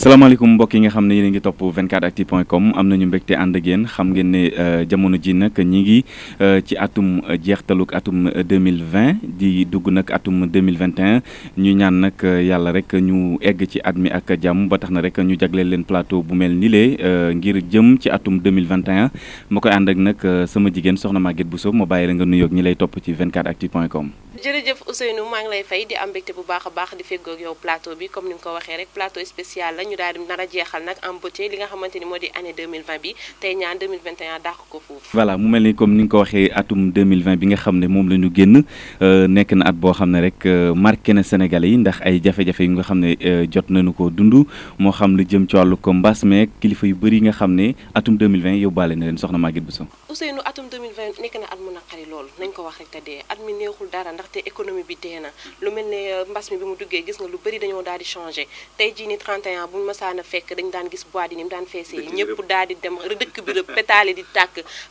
salaamaaleykum mbokk yi nga xam ne yéen a ngi topp 24actu point com am nañu mbégte ànd ak yéen xam ngeen ne euh, jamono ji nag ñi ngi euh, ci atum jeextaluk atum mille 2020 di dugg nag atum deux mille vingt 2021 ñu ñaan nag euh, yàlla rek ñu egg ci at mi ak jàmm ba tax na rek ñu jagle leen plateau bu mel ni lee ngir jëm ci atum 2021 ma koy ànd ak nag sama jigéen soxna bu Bousso ma bàyyi la nga nuyoog ñi lay topp ci 24actu point com jërëjëf Ousseynou maa ngi lay fay di am mbégte bu baax a baax di feggoog yow plateau bi comme ni nga ko waxee rek plateau spécial la ñu daal di nar a jeexal nag en beauté li nga mu euh, euh, yi ndax ay ne euh, jot nañu ko dund na leen soxna Maguette Bousso. Ousseynou naqari lool nañ ko wax rek te dee at mi neexul dara ndax te économie bi dee na lu mel ne euh, mbas mi bi mu duggee gis nga lu bëri dañoo daal di changé tey jii ni 31 bu ñu mësaan a fekk dañ daan gis bois di ni mu daan feesee ñëpp daal di dem dëkk bi la pétale di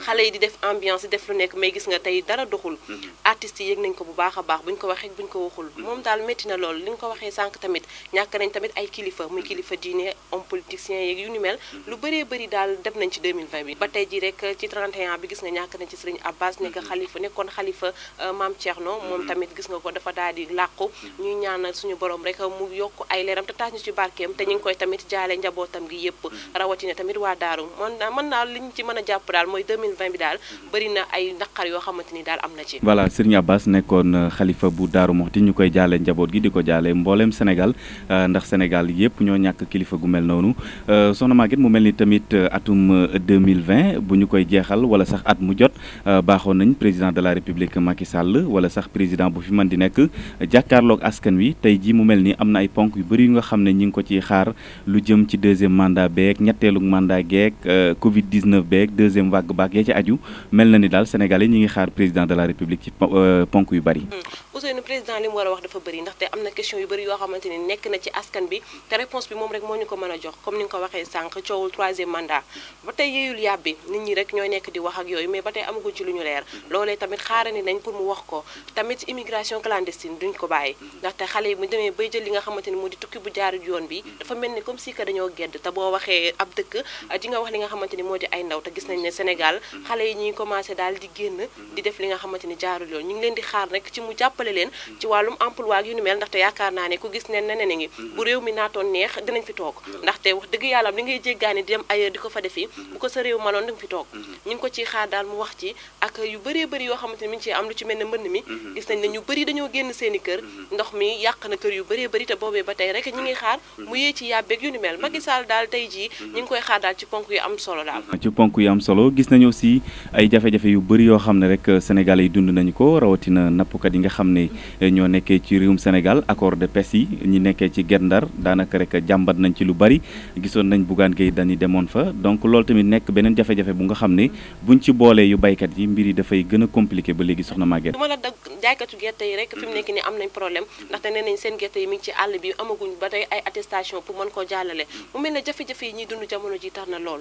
xale yi di def ambiance def lu nekk mais gis nga tey dara doxul mm-hmm. artistes yi nañ ko bu baax a baax bu ko waxee bu ñu ko waxul mm-hmm. moom daal métti loolu li nga ko waxee sànq tamit ñàkk nañ tamit ay kilifa muy mm-hmm. kilifa diine homme politicien yeeg yu ni mel lu bëree bëri daal dem nañ ci 2020 bi ba tey ji rek ci 31 bi gis nga ñàkk nañ ci sëriñ Abbas nekk xalifa nekkoon xalifa euh, maam Thierno moom tamit gis nga ko dafa daal di làqu mm-hmm. ñuy ñaanal suñu borom rek mu yokk ay leeram te taas ñu ci barkeem te ñu ngi koy tamit jaale njabootam gi yépp mm-hmm. rawatina tamit waa daaru man mën naa li ñu ci mën a jàpp daal mooy 2020 bi daal mm-hmm. bëri na ay naqar yoo xamante ni daal am na ci voilà Serigne Abbas nekkoon euh, xalifa bu daaru moxti ñu koy jaale njaboot gi di ko jaale mbooleem Sénégal euh, ndax Sénégal yépp ñoo ñàkk kilifa gu mel noonu euh, soxna Maguette mu mel ni tamit atum 2020 bu ñu koy jeexal wala sax at mu jot baaxoon nañ président de la république Macky Sall wala sax président président bu fi mën di nekk jàkkaarloog askan wi tey jii mu mel ni am na ay ponk yu bëri yu nga xam ne ñi ngi ko ciy xaar lu jëm ci deuxième mandat beeg ñetteelu mandat geeg euh, Covid 19 beeg deuxième vague baag ci aju mel na ni daal Sénégalais ñi ngi xaar président de la république ci euh, ponk yu bëri. Hmm. Ousseynou président li war a wax dafa bëri ndaxte am na question yu bëri yoo xamante ni nekk na ci askan bi te réponse bi moom rek moo ñu ko mën a jox comme ni nga ko ba tey yeyul yàbbi nit ñi rek ñooy nekk di wax immigration clandestine duñ ko bàyyi mm-hmm. ndaxte xale yi bu demee bay jël li nga xamante ni moo di tukki bu jaarul yoon bi mm-hmm. dafa mel ni comme si dañoo gedd te boo waxee ab dëkk mm-hmm. di nga wax li nga xamante moo di xaar nag ci mu jàppale leen ci wàllum emploi ak yu nu mel ndaxte yaakaar naa ne ku gis ne neneen ngi bu réew mi naatoon neex dinañ fi toog ndaxte dëgg yàlla li ngay jéggaani di dem ailleurs di ko fa defi bu ko sa réew manoon danga fi nañ ne ñu bëri dañoo génn seeni kër mhm. ndox mi yàq na kër yu bëree bëri te boobee ba tey rek ñi ngi xaar mhm. mu yee ci yàbbeeg yu ni mel Macky mhm. daal tey jii ñi ngi koy xaar daal ci ponk yu am solo daal ci ponk yu am solo gis nañu aussi ay jafe-jafe yu bëri yoo xam ne rek euh, Sénégal yi dund nañu ko rawatina nappkat yi nga xam ne euh, ñoo nekkee ci réewum senegal accord de pêche yi ñi nekkee ci gendar daanaka rek jàmbat nañ ci lu bëri gisoon nañ Bougane Gueye Dany demoon fa donc loolu tamit nekk beneen jafe bu nga xam ne buñ ci boolee yu baykat yi mbir yi dafay gën a compliqué ba léegi soxna Maguette jaaykatu gerte yi rek fi mm-hmm. nekk ni am nañ problème mm-hmm. ndaxte nee nañ seen gerte yi mi ngi ci àll bi amaguñ ba tey ay attestation pour mën koo jàllale mm-hmm. mu mel ne jafe-jafe yi ñuy dund jamono ji tar na lool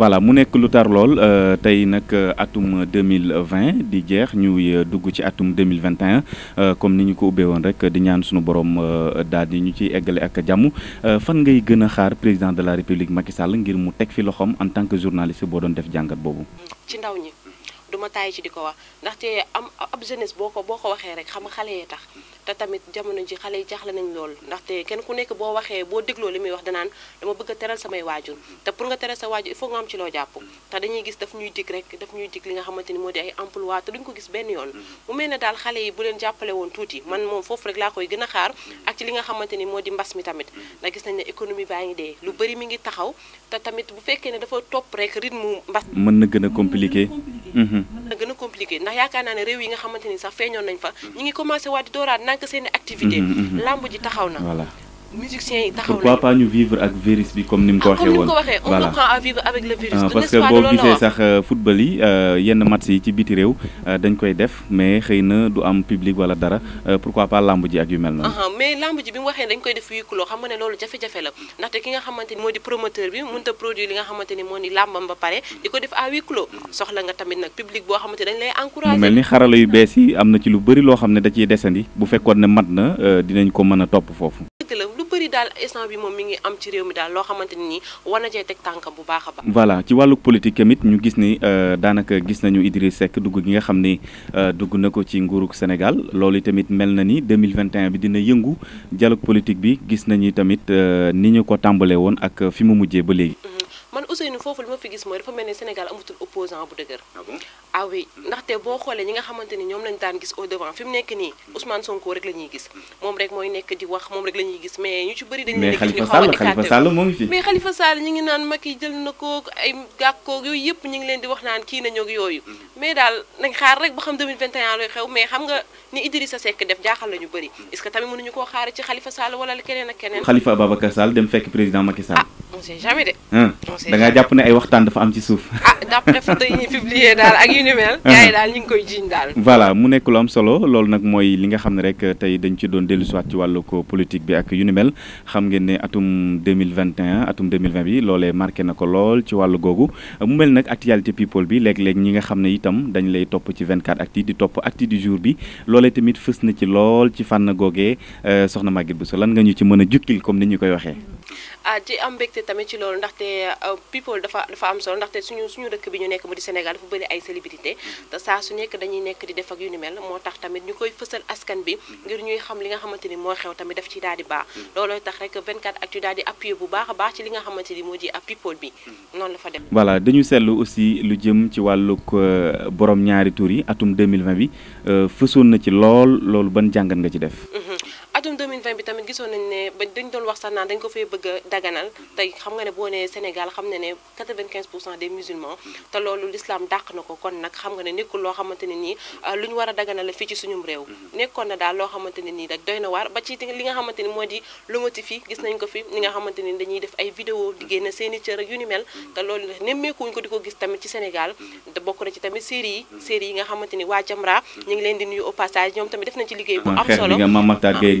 voilà mu nekk lu tar lool euh, tey nag euh, atum 2020 di jeex ñuy euh, dugg ci atum 2021 comme ni ñu ko ubbee woon rek di ñaan suñu borom daal di ñu ci eggale ak jàmm fan ngay gën a xaar président de la république Macky Sall ngir mu teg fi loxoom en tant que journaliste boo doon def jàngat boobu ci ndaw ñi duma tàyyi ci di ko wax ndaxte am ab jeunesse boo ko boo ko waxee rek xam xale yee tax te tamit jamono ji xale yi jaaxle nañ lool ndaxte kenn ku nekk boo waxee boo dégloo li muy wax danaan dama bëgg a teral samay waajur te pour nga teral sa waajur il faut nga am ci loo jàpp te dañuy gis daf ñuy dig rek daf ñuy dig li nga xamante ni moo di ay emploi te ko gis benn yoon mu mel ne daal xale yi bu leen jàppale woon tuuti man moom foofu rek laa gën a xaar ak ci li nga xamante ni moo di mbas mi tamit ndax gis nañ ne économie baa ngi dee lu bëri mu ngi taxaw te tamit bu fekkee ne dafa topp rek rythme mbas mën na gën a compliqué na gën a compliqué ndax yaakaar naa ne réew yi nga xamante ni sax feeñoon nañ fa ñu ngi commencé waa di dooraat nank seen i activité mm-hmm, mm-hmm. lamb ji taxaw na musiciens yi taxaw pourquoi pas ñu vivre ak virus bi comme ni mu ko ah, waxee woon on apprend à vivre avec le ah, parce que boo gisee sax euh, football yi euh, yenn match yi ci biti réew euh, dañ koy def mais xëy na du am public wala dara pourquoi pas lamb ji ak yu mel noonu uh-huh, mais lamb ji bi mu waxee dañ koy def yukkuloo xam nga loolu jafe-jafe la ndaxte ki nga xamante moo di promoteur bi mënut a produire li nga xamante moo di lambam ba pare di ko def à yukkuloo soxla nga tamit nag public boo xamante dañ lay encouragé mu mel xarala yu bees yi am na ci lu bëri loo xam ne da ciy desandi bu fekkoon ne mat na dinañ ko mën a topp foofu bëri daal instant bi moom mi ngi am ci réew mi daal loo xamante ne nii war na cee teg tànkam bu baax a baax. voilà ci wàllu politique tamit ñu gis ni euh, daanaka gis nañu Idriss Seck dugg gi nga xam ni euh, dugg na ko ci nguurug Sénégal loolu tamit mel na ni mille vingt 2021 bi dina yëngu dialogue politique bi gis nañu tamit euh, ni ñu ko tàmbalee woon ak fi mu mujjee ba léegi. Mm-hmm. man Ousseynou foofu li ma fi gis mooy dafa mel ne Sénégal amatul opposant bu dëgër ah, ah oui ndaxte boo xoolee ñi nga xamante ni ñoom lañ daan gis au devant fi mu nekk nii hmm. Ousmane Sonko rek la ñuy gis hmm. moom rek mooy nekk di wax moom rek la gis mais ñu bëri dañuy mais Khalifa Sall Khalifa Sall moo ngi fi mais Khalifa jël na ko ay gàkkoog yooyu yëpp ñu ngi leen di wax naan kii nañu ak yooyu hmm. mais daal nañ xaar rek ba xam 2021 looy xew mais xam nga ni Idrissa Seck def jaaxal la ñu bëri est-ce que tamit mënuñu on sait jamais de. Hmm. jàpp ne ay waxtaan dafa am ci suuf. ah d'après photo yi ñuy publier daal ak yu ni mel. Hmm. gars daal ñu ngi koy jiiñ daal. voilà mu nekk lu am solo loolu nag mooy li nga xam ne rek tey dañu ci doon dellusiwaat ci wàllu ko politique bi ak yu ni mel xam ngeen ne atum deux mille 2021 atum 2020 bi loolee marqué na ko lool ci wàllu googu mu mel nag actualité people bi léeg-léeg ñi nga xam ne itam dañ lay topp ci vingt ak actu di topp actu du bi loolee tamit fës na ci lool ci fànn googee euh, soxna Maguette Bousso lan nga ñu ci mën a jukkil comme ni ñu koy waxee. ah di am mbégte tamit ci loolu ndaxte ah, people dafa dafa am solo ndaxte suñu suñu dëkk bi ñu nekk mu di Sénégal dafa bëri ay célébrité mm-hmm. te saa su nekk dañuy nekk di def ak yu ni mel moo tax tamit ñu koy fësal askan bi mm-hmm. ngir ñuy xam li nga xamante ni moo xew tamit daf ci daal di baax mm-hmm. loolooy tax rek 24 actu daal di appuyé bu baax a baax ci li nga xamante ni moo di ab ah, people bi noonu la fa dem voilà dañu seetlu aussi lu jëm ci wàllug euh, boroom ñaari tur yi atum 2020 bi euh, fësoon na ci lool loolu ban jàngat nga ci def atum bi tamit gisoon nañu ne ba dañ doon wax sax naan dañ ko fay bëgg a daganal tey xam nga ne boo nee Sénégal xam ne ne 95 pour cent des musulmans te loolu l'islam dàq na ko kon nag xam nga ne nekkul loo xamante ne nii euh, lu ñu war a daganal la fii ci suñum réew mhm. nekkoon na daal loo xamante ne nii rek doy na waar ba ci li nga xamante ni moo di lomotif yi gis nañ ko fi li nga xamante ni dañuy def ay vidéo di génn seeni cër ak yu ni mel te loolu nemmeekuñ ko di ko gis tamit ci Sénégal te bokk na ci tamit série yi mhm. série yi nga xamante ni waa Jamra mhm. ñu ngi leen di nuyu au passage ñoom tamit def nañ ci liggéey bu am solo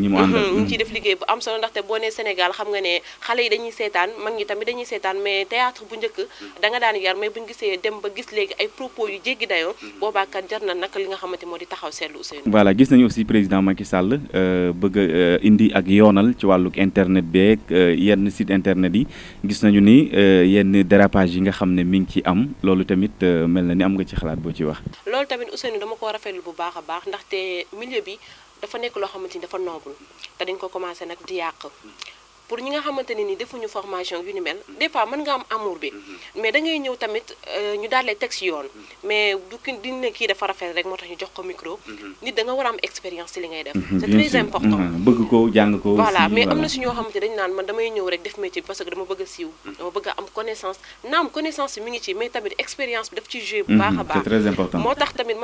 ñi mu mhm, àndal ñu mhm. ciy def liggéey bu am solo ndaxte boo nee Sénégal xam nga ne xale yi dañuy seetaan mag ñi tamit dañuy seetaan mais théâtre bu njëkk mhm. da daan yar mais bu gisee dem ba gis léegi ay propos yu jéggi dayoo boobaakat jar na nag li nga xamante moo di taxaw seetlu Ousseynou voilà gis nañu aussi président Macky Sall euh, bëgg euh, indi ak yoonal ci wàllu internet beeg euh, yenn site internet yi gis nañu ni yenn dérapage yi nga xam ne mi ngi ci am loolu tamit mel na ni am nga ci xalaat boo ci wax dafa nekk loo xamante ni dafa noble te dañ ko commencé nag di yàq pour ñi nga xamante ni defuñu formation yu ni mel des fois mën nga am amour bi mhm. mais da ngay ñëw tamit euh, ñu daal lay teg ci yoon mhm. mais du ki di ne kii dafa rafet rek moo tax ñu jox ko micro mhm. nit da nga war a am expérience li ngay def c'est très na si ñoo xamante dañu naan a siiw dama bëgg a am connaissance naa am connaissance bi mi ngi ci mais tamit expérience bi daf ci jouer bu baax a baax c'est très important man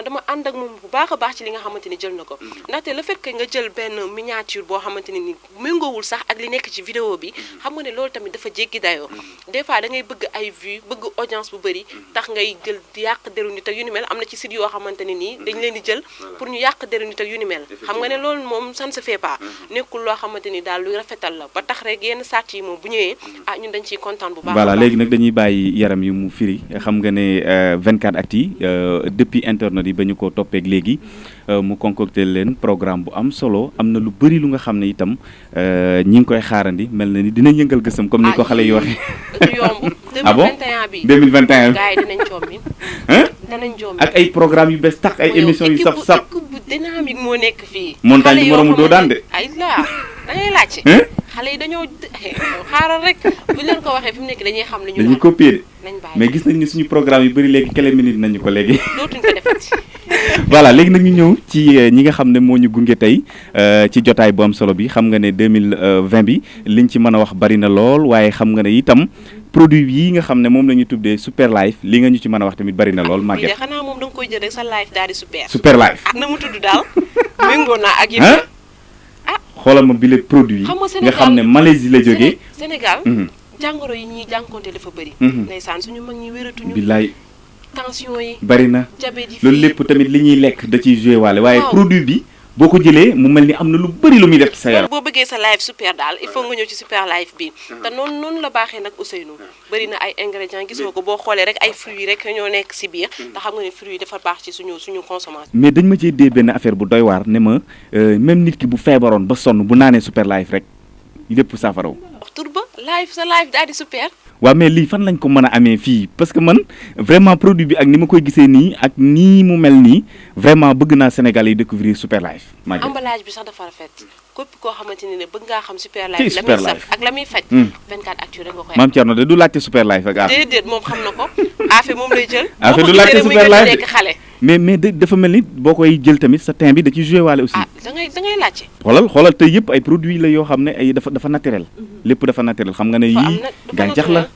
dama ànd ak moom bu baax baax ci li nga xamante ni jël na ko ndaxte le fait que nga jël benn miniature boo xamante ni méngoowul sax ak li nekk ci vidéo bi xam nga ne loolu tamit dafa jéggi dayoo des fois da bëgg ay vue bëgg audience bu bëri tax ngay jël yàq deru ak yu ni mel am na ci site yoo xamante ne nii dañ leen di jël pour ñu yàq deru nit ak yu ni mel xam nga ne loolu moom ça ne se fait pas mm-hmm. nekkul loo xamante ni daal lu rafetal la ba tax rek yenn sàcc yi moom bu ñëwee mm-hmm. ah ñun dañ ciy kontaan bu baax voilà léegi nag dañuy bàyyi yaram yu mu firi xam nga ne 24 euh, actu yi euh, depuis internet yi ba ñu ko toppeeg léegi Euh, mu concocté leen programme bu am solo am na lu bëri lu nga xam ne itam euh, ñi ngi koy xaarandi mel na ni dina yëngal gësam comme ni ko xale yi ah, waxee. ah bon 2021 bi gars ak ay programme yu bees tax ay émissions yu saf saf. équipe bu dynamique moo nekk fii. bi moromu doo daan de. ay dañuy laajte. xale yi dañoo xaaral rek buñ leen ko waxee fi nekk dañuy xam. ne dañuy copier mais gis nañ ni suñu programme yu bëri léegi quelques nañu ko léegi. dootuñ léegi nag ñu ñëw ci euh, ñi nga xam ne moo ñu gunge tey euh, ci jotaay bu am solo bi xam nga ne 2020 bi li ñu ci mën a wax bari na lool waaye xam nga ne itam produit yi nga xam ne moom la ñu tuddee super life li nga ñu ci mën a wax tamit bari na lool. Ah, màgget xanaa moom da koy jël rek sa life daal di super. super life ak ah, na mu tudd daal méngoo naa ak yéen xoolal ma bile produit yi nga xam ne Malaisie la jógee Sénégal mhm. jàngoro yi ñuy jànkoonte dafa bëri mhm. ndeysaan suñu mag ñi wératuñu billaay tension yi bari na loolu lépp tamit li ñuy lekk da ciy joué waale waaye produit bi boo ko jëlee mu mel ni am na lu bëri lu muy def ci sa yaram. boo bëggee sa live super daal il faut nga ñëw ci super live bi. Mm-hmm. te noonu noonu la baaxee nag Ousseynou. bëri na ay ingrédients gisoo ko boo xoolee rek ay fruits rek ñoo nekk si biir. Mm-hmm. te xam nga ne fruits yi dafa baax ci suñu suñu consommation. mais dañ ma ci dee benn affaire bu doy waar ne ma euh, même nit ki bu feebaroon ba sonn bu naanee super live rek. lépp saafaraw. wax tur ba live sa live daal di super. waaw mais lii fan lañ ko mën a amee fii parce que man vraiment produit bi ak ni ma koy gisee nii ak nii mu mel nii vraiment bëgg naa Sénégal yi découvrir super life. maa emballage bi sax dafa rafet. képp koo xamante ne bëgg ngaa xam super life. ci super life ak la muy faj. 24 hmm. actu rek nga koy maam du laajte super life ak. déedéet moom lay jël. affaire du laajte super life boo ko jëlee muy gën a nekk xale. mais mais dafa mel ni boo koy jël tamit sa teint bi da ciy joué waale aussi. ah da ngay xoolal xoolal yëpp ay produits la yoo xam ne ay dafa dafa mhm. lépp dafa naturel xam nga ne yii gàncax la.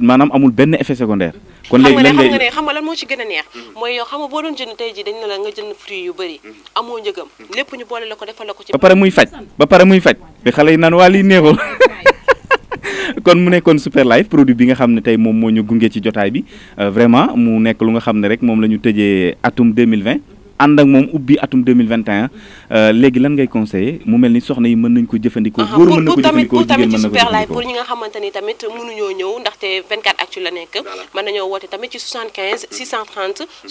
maanaam amul benn effet secondaire. kon léegi lan xam nga lan moo ci gën a neex. mooy yow xam boo doon jënd tey jii dañ ne la na jënd fruit yu bëri. Mhm. amoo njëgam lépp ñu boole la ko defal la ko ci. ba pare muy faj ba pare muy faj. te xale yi naan waa lii neexul. kon mu nekkoon super live produit bi nga xam ne tey moom moo ñu gunge ci jotaay bi euh, vraiment mu nekk lu nga xam ne rek moom la ñu tëjee atum 2020 ànd ak moom ubbi atum euh, léegi lan ngay conseillé mu mel ni soxna yi mën nañ ko jëfandikoo góor mën na ko jëfandikoo jigéen mën nga xamante ni tamit mënuñoo ñëw ndaxte 24 actu la nekk mën nañoo woote tamit ci 75 mm.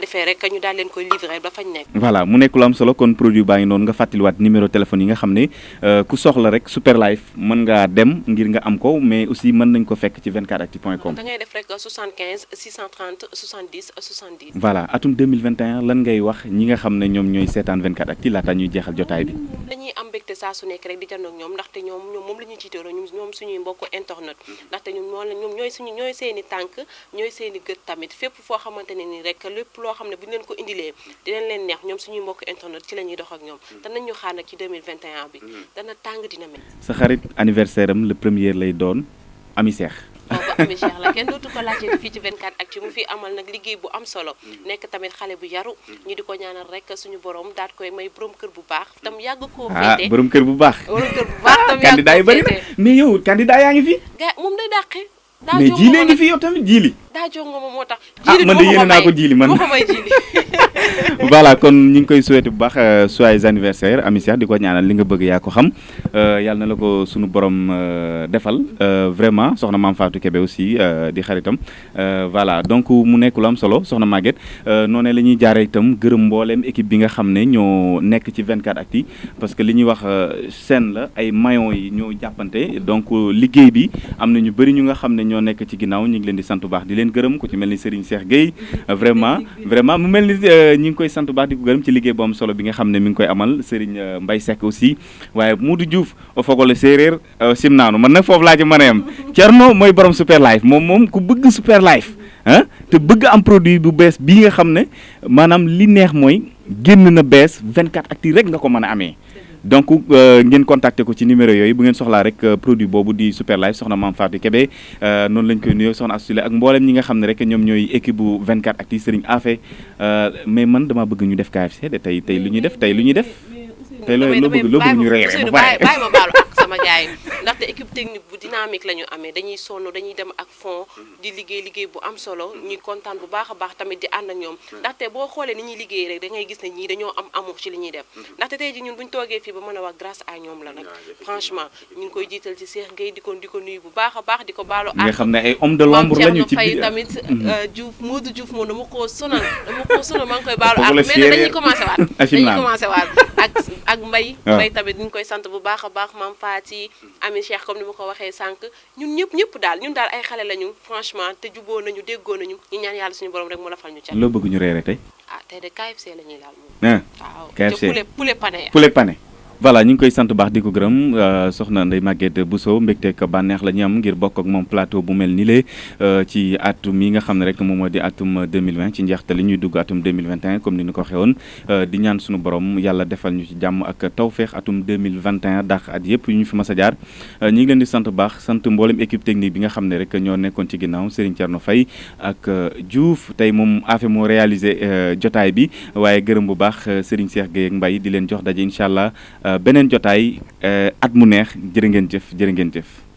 defee rek ñu daal leen koy livrer ba fañ nekk voilà mu nekk lu am solo kon produit baa ngi noonu nga fàttaliwaat numéro téléphone yi nga xam ne euh, ku soxla rek super life mën ngaa dem ngir nga am ko mais aussi mën nañ ko fekk ci 24 2021 lan ngay wax ñi nga xam ne ñoom ñooy seetaan 24 actu laata ñuy jeexal jotaay bi. dañuy am mbégte saa su nekk rek di jënd ak ñoom ndaxte ñoom ñoom moom la ñuy ñoom suñuy mbokk internet ndaxte ñoom noonu la ñoom ñooy suñu ñooy tànk ñooy seen i gët tamit foo xamante ne ni lépp loo xam ne bu ñu leen ko indilee leen neex ñoom suñuy mbokk internet ci la ñuy dox ak ñoom mm. danañ ñu xaar nag ci 2021 bi mm. dana tàng dina mel. sa xarit anniversaire am le premier lay doon ami seex boobu amee Cheikh la kenn dootu ko laajte fii ci 24 actu mu fi amal nag liggéey bu am solo mm. nekk tamit xale bu yaru mm. ñu di ko ñaanal rek suñu boroom daat koy may borom kër bu baax tam mm. yàgg koo ah, féete borom kër bu baax borom kër bu baax tam candidat yi bëri na mais yow candidat yaa ngi fi ga moom day dàqe mais jiilee ngi fi yow tamit jiili daa jongo ma tax. Ah, jiili man de yéene naa ko jiili man may jiili. voilà kon ñu ngi koy souhaité bu baax euh, joyeux anniversaire Amy Cheikh di ko ñaanal li nga bëgg yaa xam euh, yàlla na la ko sunu borom euh, defal vraiment soxna maam Fatou Kébé aussi di xaritam voilà donc mu nekk lu solo soxna Maguette noonu la ñuy jaaree itam gërëm mbooleem équipe bi nga xam ne ñoo nekk ci 24actu parce que li ñuy wax seen la ay maillons yi ñoo jàppante donc liggéey bi am na ñu bëri ñu nga xam ne ñoo nekk ci ginnaaw ñu ngi leen di sant baax di leen. leen gërëm ku ci mel ni Serigne Cheikh Gueye vraiment vraiment mu mel ni euh, ñu ngi koy sant baax di ko gërëm ci liggéey boom solo bi nga xam ne mi ngi koy amal Serigne euh, mbay Seck aussi waaye Modou Diouf o fogole séeréer euh, simnaanu man na foofu laaj ci mën a yem mooy borom super life moom moom ku bëgg super life ah te bëgg am produit bu bees bi nga xam ne maanaam li neex mooy génn na bees 24 actu rek nga ko mën a amee donc euh, ngeen contacter ko ci numéro yooyu bu ngeen soxlaa rek euh, produit boobu di Super Life soxna Mame Fatou Kébé euh, noonu lañ koy nuyoo soxna Astou ak mboolem ñi nga xam ne rek ñoom ñooy équipe bu 24 Actu Serigne Afé mais man dama bëgg ñu def KFC de tey tey lu ñuy def tey lu ñu def tey loo bëgg loo bëgg ñu reere ba pare sama gars yi ndaxte équipe technique bu dynamique la ñu amee dañuy sonn dañuy dem ak fond di liggéey liggéey bu am solo ñuy kontaan bu baax a baax tamit di ànd ak ñoom hmm. ndaxte boo xoolee ni ñuy liggéey rek da ngay gis ne ñii dañoo am amour ci li ñuy def hmm. ndaxte tey ji ñun bu ñu toogee fii ba mën a wax grâce à ñoom la nag ah, franchement ñu ngi koy jiital ci Cheikh Gueye di ko di ko nuyu bu baax a baax di ko baalu nga xam ne ay homme de l'ombre lañu ci biir tamit hmm. euh, Diouf Modou Diouf moom dama koo sonal dama koo sonal maa ngi koy baalu ak mais dañuy commencé waat dañuy commencé ak ak mbay ah. mbay tamit ñu koy sant bu baax a baax maam ci ami Cheikh comme ni ma ko waxee sànq ñun ñëpp ñëpp daal ñun daal ay xale lañu franchement te juboo nañu déggoo nañu ñu ñaan yàlla suñu borom rek mu la fal ñu ca loo bëgg ñu reere tey ah tey de KFC la ñuy laal moom ah. waaw KFC poulet poulet pané poulet pané voilà ñu ngi koy sant baax di ko gërëm euh, soxna màgget bu Bousso mbégteeg bànneex la ñu am ngir bokk ak moom plateau bu mel ni lee euh, ci atum mii nga xam ne rek moom moo di atum 2020 ci njeexte li ñuy dugg atum 2021 comme ni ñu ko waxee woon euh, di ñaan suñu borom yàlla defal ñu ci jàmm ak tawféex atum 2021 daax at yëpp yu ñu fi mas a jaar ñu ngi leen di sant baax sant mboolem équipe technique bi nga xam ne rek ñoo nekkoon ci ginnaaw Serigne Thierno Faye ak Diouf tey moom affe moo réalisé jotaay bi waaye gërëm bu baax Serigne Cheikh Gueye ak Mbaye di leen jox daje incha allah beneen jotaay eh, at mu neex jërë ngeen jëf jërë ngeen jëf.